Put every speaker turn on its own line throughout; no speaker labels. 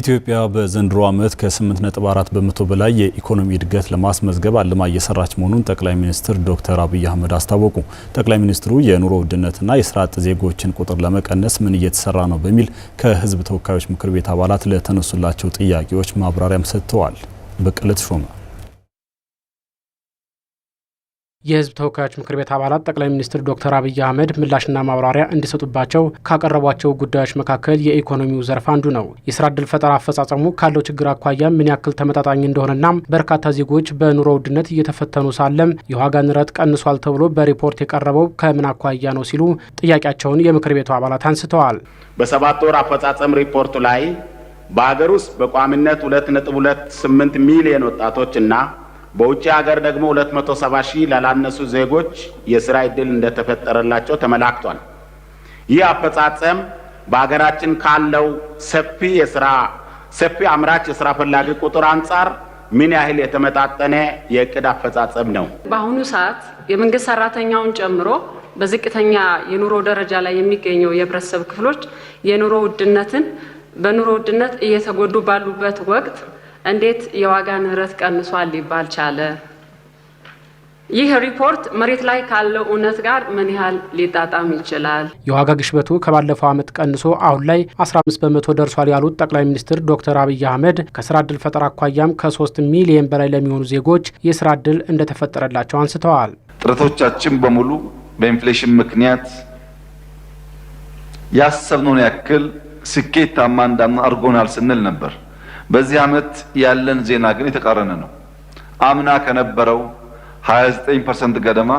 ኢትዮጵያ በዘንድሮ ዓመት ከ8.4 በመቶ በላይ የኢኮኖሚ እድገት ለማስመዝገብ አልማ እየሰራች መሆኑን ጠቅላይ ሚኒስትር ዶክተር አብይ አህመድ አስታወቁ። ጠቅላይ ሚኒስትሩ የኑሮ ውድነትና የስራ አጥ ዜጎችን ቁጥር ለመቀነስ ምን እየተሰራ ነው በሚል ከህዝብ ተወካዮች ምክር ቤት አባላት ለተነሱላቸው ጥያቄዎች ማብራሪያም ሰጥተዋል። በቅልት ሾማ
የህዝብ ተወካዮች ምክር ቤት አባላት ጠቅላይ ሚኒስትር ዶክተር አብይ አህመድ ምላሽና ማብራሪያ እንዲሰጡባቸው ካቀረቧቸው ጉዳዮች መካከል የኢኮኖሚው ዘርፍ አንዱ ነው። የስራ እድል ፈጠራ አፈጻጸሙ ካለው ችግር አኳያ ምን ያክል ተመጣጣኝ እንደሆነና በርካታ ዜጎች በኑሮ ውድነት እየተፈተኑ ሳለም የዋጋ ንረት ቀንሷል ተብሎ በሪፖርት የቀረበው ከምን አኳያ ነው ሲሉ ጥያቄያቸውን የምክር ቤቱ አባላት አንስተዋል።
በሰባት ወር አፈጻጸም ሪፖርቱ ላይ በአገር ውስጥ በቋሚነት 2.28 ሚሊዮን ወጣቶች እና በውጭ ሀገር ደግሞ 270 ሺህ ላላነሱ ዜጎች የስራ ዕድል እንደተፈጠረላቸው ተመላክቷል። ይህ አፈጻጸም በሀገራችን ካለው ሰፊ የስራ ሰፊ አምራች የስራ ፈላጊ ቁጥር አንጻር ምን ያህል የተመጣጠነ የእቅድ አፈጻጸም ነው?
በአሁኑ ሰዓት የመንግስት ሰራተኛውን ጨምሮ በዝቅተኛ የኑሮ ደረጃ ላይ የሚገኘው የህብረተሰብ ክፍሎች የኑሮ ውድነትን በኑሮ ውድነት እየተጎዱ ባሉበት ወቅት እንዴት የዋጋ ንረት ቀንሷል ሊባል ቻለ? ይህ ሪፖርት መሬት ላይ ካለው እውነት ጋር ምን ያህል ሊጣጣም ይችላል?
የዋጋ ግሽበቱ ከባለፈው ዓመት ቀንሶ አሁን ላይ 15 በመቶ ደርሷል ያሉት ጠቅላይ ሚኒስትር ዶክተር አብይ አህመድ ከስራ ዕድል ፈጠራ አኳያም ከ3 ሚሊየን በላይ ለሚሆኑ ዜጎች የስራ ዕድል እንደተፈጠረላቸው አንስተዋል።
ጥረቶቻችን በሙሉ በኢንፍሌሽን ምክንያት ያሰብነውን ያክል ስኬታማ እንዳንሆን አድርጎናል ስንል ነበር። በዚህ ዓመት ያለን ዜና ግን የተቃረነ ነው። አምና ከነበረው 29 ፐርሰንት ገደማ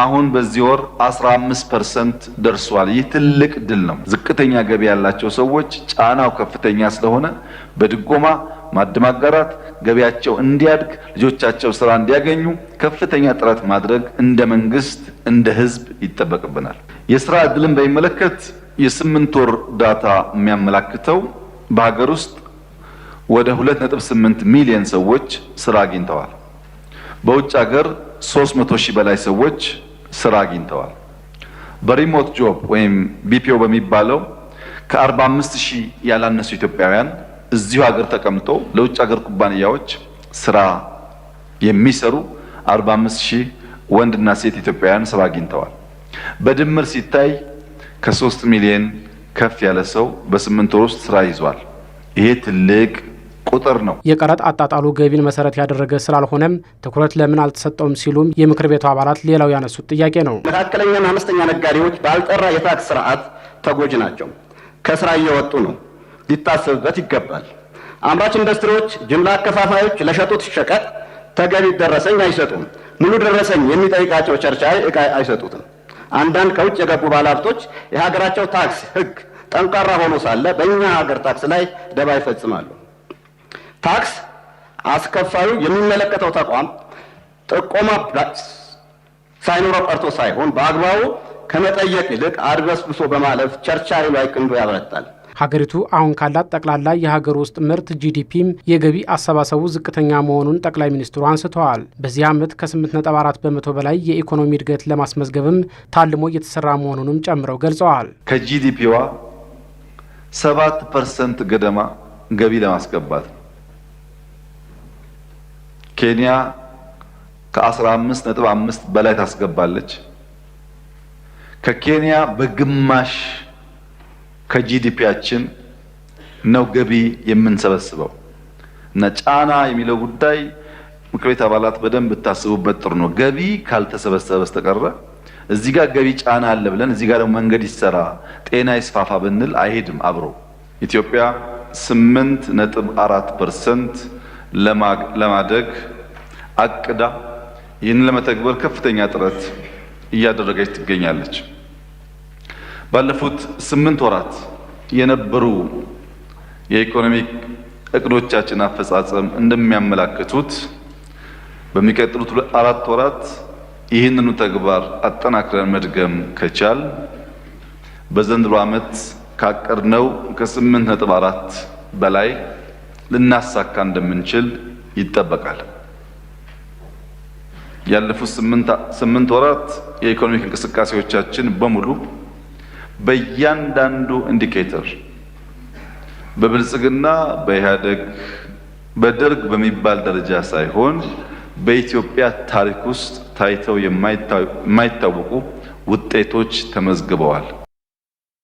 አሁን በዚህ ወር 15 ፐርሰንት ደርሷል። ይህ ትልቅ ድል ነው። ዝቅተኛ ገቢ ያላቸው ሰዎች ጫናው ከፍተኛ ስለሆነ በድጎማ ማደማጋራት ገቢያቸው እንዲያድግ ልጆቻቸው ስራ እንዲያገኙ ከፍተኛ ጥረት ማድረግ እንደ መንግስት እንደ ህዝብ ይጠበቅብናል። የስራ እድልን በሚመለከት የስምንት ወር ዳታ የሚያመላክተው በሀገር ውስጥ ወደ 2.8 ሚሊዮን ሰዎች ስራ አግኝተዋል። በውጭ ሀገር 300 ሺህ በላይ ሰዎች ስራ አግኝተዋል። በሪሞት ጆብ ወይም ቢፒኦ በሚባለው ከ45 ሺህ ያላነሱ ኢትዮጵያውያን እዚሁ ሀገር ተቀምጦ ለውጭ ሀገር ኩባንያዎች ስራ የሚሰሩ 45 ሺህ ወንድና ሴት ኢትዮጵያውያን ስራ አግኝተዋል። በድምር ሲታይ ከ3 ሚሊዮን ከፍ ያለ ሰው በስምንት ወር ውስጥ ስራ ይዟል። ይሄ ትልቅ ቁጥር ነው።
የቀረጥ አጣጣሉ ገቢን መሰረት ያደረገ ስላልሆነም ትኩረት ለምን አልተሰጠውም ሲሉም የምክር ቤቱ አባላት ሌላው ያነሱት ጥያቄ ነው።
መካከለኛና አነስተኛ ነጋዴዎች ባልጠራ የታክስ ስርዓት ተጎጂ ናቸው። ከስራ እየወጡ ነው። ሊታሰብበት ይገባል። አምራች ኢንዱስትሪዎች፣ ጅምላ አከፋፋዮች ለሸጡት ሸቀጥ ተገቢ ደረሰኝ አይሰጡም። ሙሉ ደረሰኝ የሚጠይቃቸው ቸርቻሪ እቃ አይሰጡትም። አንዳንድ ከውጭ የገቡ ባለሀብቶች የሀገራቸው ታክስ ህግ ጠንካራ ሆኖ ሳለ በእኛ ሀገር ታክስ ላይ ደባ ይፈጽማሉ። ታክስ አስከፋዩ የሚመለከተው ተቋም ጥቆማ ሳይኖረው ቀርቶ ሳይሆን በአግባቡ ከመጠየቅ ይልቅ አድበስብሶ በማለፍ ቸርቻሪ ላይ ቅንዶ ያበረታል።
ሀገሪቱ አሁን ካላት ጠቅላላ የሀገር ውስጥ ምርት ጂዲፒም የገቢ አሰባሰቡ ዝቅተኛ መሆኑን ጠቅላይ ሚኒስትሩ አንስተዋል። በዚህ ዓመት ከ8.4 በመቶ በላይ የኢኮኖሚ እድገት ለማስመዝገብም ታልሞ እየተሰራ መሆኑንም ጨምረው ገልጸዋል።
ከጂዲፒዋ 7 ፐርሰንት ገደማ ገቢ ለማስገባት ነው ኬንያ ከ 15 ነጥብ 5 በላይ ታስገባለች። ከኬንያ በግማሽ ከጂዲፒያችን ነው ገቢ የምንሰበስበው እና ጫና የሚለው ጉዳይ ምክር ቤት አባላት በደንብ ብታስቡበት ጥሩ ነው። ገቢ ካልተሰበሰበ በስተቀረ እዚህ ጋር ገቢ ጫና አለ ብለን እዚህ ጋር ደግሞ መንገድ ይሰራ፣ ጤና ይስፋፋ ብንል አይሄድም አብሮ ኢትዮጵያ አራት ፐርሰንት ለማደግ አቅዳ ይህንን ለመተግበር ከፍተኛ ጥረት እያደረገች ትገኛለች። ባለፉት ስምንት ወራት የነበሩ የኢኮኖሚ እቅዶቻችን አፈጻጸም እንደሚያመላክቱት በሚቀጥሉት አራት ወራት ይህንኑ ተግባር አጠናክረን መድገም ከቻል በዘንድሮ ዓመት ካቀድነው ከስምንት ነጥብ አራት በላይ ልናሳካ እንደምንችል ይጠበቃል። ያለፉት ስምንት ወራት የኢኮኖሚክ እንቅስቃሴዎቻችን በሙሉ በእያንዳንዱ ኢንዲኬተር በብልጽግና በኢህአደግ በደርግ በሚባል ደረጃ ሳይሆን በኢትዮጵያ ታሪክ ውስጥ ታይተው የማይታወቁ ውጤቶች ተመዝግበዋል።